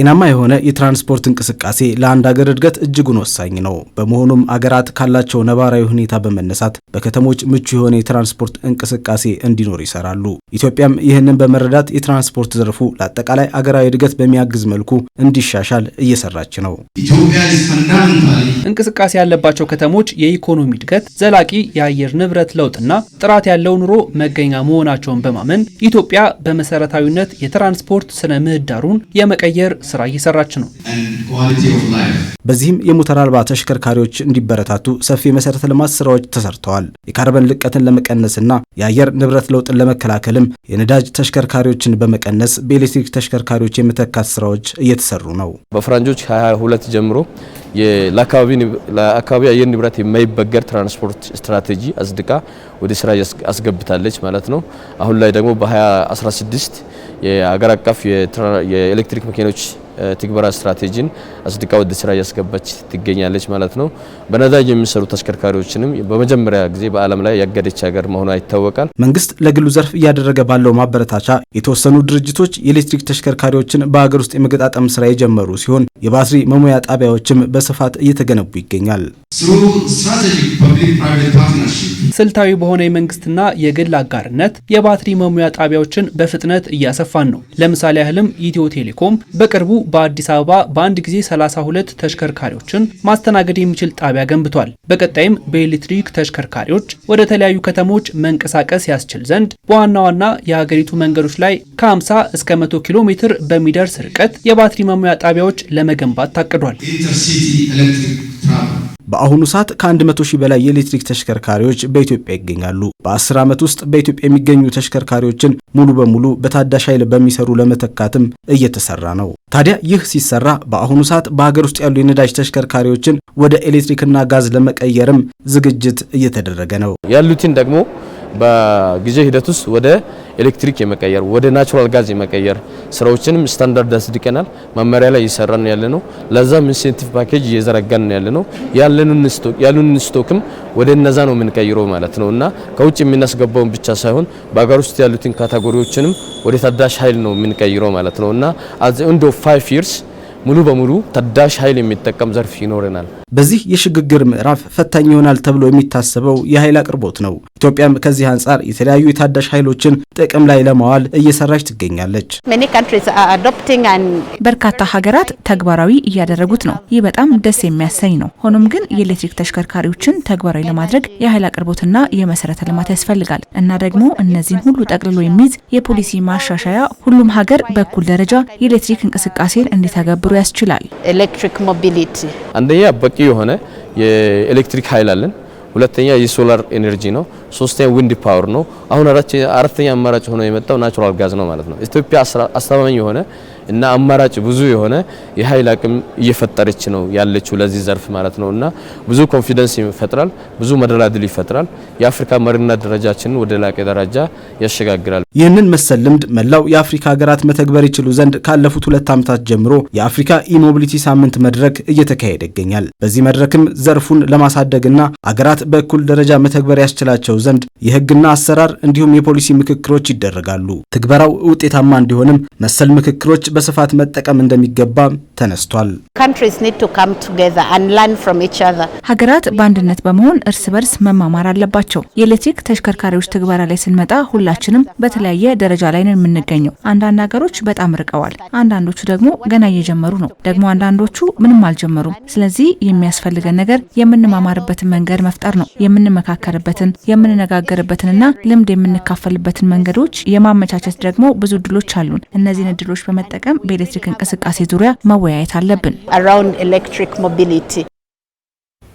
ጤናማ የሆነ የትራንስፖርት እንቅስቃሴ ለአንድ አገር እድገት እጅጉን ወሳኝ ነው። በመሆኑም አገራት ካላቸው ነባራዊ ሁኔታ በመነሳት በከተሞች ምቹ የሆነ የትራንስፖርት እንቅስቃሴ እንዲኖር ይሰራሉ። ኢትዮጵያም ይህንን በመረዳት የትራንስፖርት ዘርፉ ለአጠቃላይ አገራዊ እድገት በሚያግዝ መልኩ እንዲሻሻል እየሰራች ነው። እንቅስቃሴ ያለባቸው ከተሞች የኢኮኖሚ እድገት፣ ዘላቂ የአየር ንብረት ለውጥና ጥራት ያለው ኑሮ መገኛ መሆናቸውን በማመን ኢትዮጵያ በመሰረታዊነት የትራንስፖርት ስነ ምህዳሩን የመቀየር ስራ እየሰራች ነው። በዚህም የሞተር አልባ ተሽከርካሪዎች እንዲበረታቱ ሰፊ የመሰረተ ልማት ስራዎች ተሰርተዋል። የካርበን ልቀትን ለመቀነስና የአየር ንብረት ለውጥን ለመከላከልም የነዳጅ ተሽከርካሪዎችን በመቀነስ በኤሌክትሪክ ተሽከርካሪዎች የመተካት ስራዎች እየተሰሩ ነው። በፈረንጆች 22 ጀምሮ ለአካባቢ አየር ንብረት የማይበገር ትራንስፖርት ስትራቴጂ አጽድቃ ወደ ስራ አስገብታለች ማለት ነው። አሁን ላይ ደግሞ በ2016 የአገር አቀፍ የኤሌክትሪክ መኪኖች ትግበራ ስትራቴጂን አጽድቃ ወደ ስራ እያስገባች ትገኛለች ማለት ነው። በነዳጅ የሚሰሩ ተሽከርካሪዎችንም በመጀመሪያ ጊዜ በዓለም ላይ ያገደች ሀገር መሆኗ ይታወቃል። መንግስት ለግሉ ዘርፍ እያደረገ ባለው ማበረታቻ የተወሰኑ ድርጅቶች የኤሌክትሪክ ተሽከርካሪዎችን በሀገር ውስጥ የመገጣጠም ስራ የጀመሩ ሲሆን የባትሪ መሙያ ጣቢያዎችም በስፋት እየተገነቡ ይገኛል። ስልታዊ በሆነ የመንግስትና የግል አጋርነት የባትሪ መሙያ ጣቢያዎችን በፍጥነት እያሰፋን ነው። ለምሳሌ ያህልም ኢትዮ ቴሌኮም በቅርቡ በአዲስ አበባ በአንድ ጊዜ 32 ተሽከርካሪዎችን ማስተናገድ የሚችል ጣቢያ ገንብቷል። በቀጣይም በኤሌክትሪክ ተሽከርካሪዎች ወደ ተለያዩ ከተሞች መንቀሳቀስ ያስችል ዘንድ በዋና ዋና የሀገሪቱ መንገዶች ላይ ከ50 እስከ 100 ኪሎ ሜትር በሚደርስ ርቀት የባትሪ መሙያ ጣቢያዎች ለመገንባት ታቅዷል። በአሁኑ ሰዓት ከ100 ሺህ በላይ የኤሌክትሪክ ተሽከርካሪዎች በኢትዮጵያ ይገኛሉ። በ10 ዓመት ውስጥ በኢትዮጵያ የሚገኙ ተሽከርካሪዎችን ሙሉ በሙሉ በታዳሽ ኃይል በሚሰሩ ለመተካትም እየተሰራ ነው። ታዲያ ይህ ሲሰራ በአሁኑ ሰዓት በሀገር ውስጥ ያሉ የነዳጅ ተሽከርካሪዎችን ወደ ኤሌክትሪክና ጋዝ ለመቀየርም ዝግጅት እየተደረገ ነው። ያሉትን ደግሞ በጊዜ ሂደት ውስጥ ወደ ኤሌክትሪክ የመቀየር ወደ ናቹራል ጋዝ የመቀየር ስራዎችንም ስታንዳርድ አስድቀናል። መመሪያ ላይ እየሰራን ያለ ነው። ለዛም ኢንሴንቲቭ ፓኬጅ እየዘረጋን ያለ ነው። ያሉን ስቶክም ወደ እነዛ ነው የምንቀይረው ማለት ነው እና ከውጭ የምናስገባውን ብቻ ሳይሆን በሀገር ውስጥ ያሉትን ካታጎሪዎችንም ወደ ታዳሽ ኃይል ነው የምንቀይረው ማለት ነው እና እንደ ፋይቭ ይርስ ሙሉ በሙሉ ታዳሽ ኃይል የሚጠቀም ዘርፍ ይኖረናል። በዚህ የሽግግር ምዕራፍ ፈታኝ ይሆናል ተብሎ የሚታሰበው የኃይል አቅርቦት ነው። ኢትዮጵያም ከዚህ አንጻር የተለያዩ የታዳሽ ኃይሎችን ጥቅም ላይ ለማዋል እየሰራች ትገኛለች። በርካታ ሀገራት ተግባራዊ እያደረጉት ነው። ይህ በጣም ደስ የሚያሰኝ ነው። ሆኖም ግን የኤሌክትሪክ ተሽከርካሪዎችን ተግባራዊ ለማድረግ የኃይል አቅርቦትና የመሰረተ ልማት ያስፈልጋል እና ደግሞ እነዚህን ሁሉ ጠቅልሎ የሚይዝ የፖሊሲ ማሻሻያ ሁሉም ሀገር በኩል ደረጃ የኤሌክትሪክ እንቅስቃሴን እንዲተገብሩ ያስችላል። ኤሌክትሪክ ሞቢሊቲ አንደኛ የሆነ የኤሌክትሪክ ኃይል አለን። ሁለተኛ የሶላር ኤነርጂ ነው። ሶስተኛ ዊንድ ፓወር ነው። አሁን አራተኛ አማራጭ ሆኖ የመጣው ናቹራል ጋዝ ነው ማለት ነው። ኢትዮጵያ አስተማማኝ የሆነ እና አማራጭ ብዙ የሆነ የኃይል አቅም እየፈጠረች ነው ያለችው ለዚህ ዘርፍ ማለት ነው። እና ብዙ ኮንፊደንስ ይፈጥራል፣ ብዙ መደላድል ይፈጥራል። የአፍሪካ መሪነት ደረጃችንን ወደ ላቀ ደረጃ ያሸጋግራል። ይህንን መሰል ልምድ መላው የአፍሪካ ሀገራት መተግበር ይችሉ ዘንድ ካለፉት ሁለት ዓመታት ጀምሮ የአፍሪካ ኢሞቢሊቲ ሳምንት መድረክ እየተካሄደ ይገኛል። በዚህ መድረክም ዘርፉን ለማሳደግና አገራት በእኩል ደረጃ መተግበር ያስችላቸው ዘንድ የህግና አሰራር እንዲሁም የፖሊሲ ምክክሮች ይደረጋሉ። ትግበራው ውጤታማ እንዲሆንም መሰል ምክክሮች በስፋት መጠቀም እንደሚገባ ተነስቷል። ሀገራት በአንድነት በመሆን እርስ በርስ መማማር አለባቸው። የኤሌክትሪክ ተሽከርካሪዎች ትግበራ ላይ ስንመጣ ሁላችንም በተለያየ ደረጃ ላይ ነው የምንገኘው። አንዳንድ ሀገሮች በጣም ርቀዋል፣ አንዳንዶቹ ደግሞ ገና እየጀመሩ ነው፣ ደግሞ አንዳንዶቹ ምንም አልጀመሩም። ስለዚህ የሚያስፈልገን ነገር የምንማማርበትን መንገድ መፍጠር ነው። የምንመካከርበትን የምንነጋገርበትንና ልምድ የምንካፈልበትን መንገዶች የማመቻቸት ደግሞ ብዙ እድሎች አሉን። እነዚህን እድሎች በመጠቀም በመጠቀም በኤሌክትሪክ እንቅስቃሴ ዙሪያ መወያየት አለብን።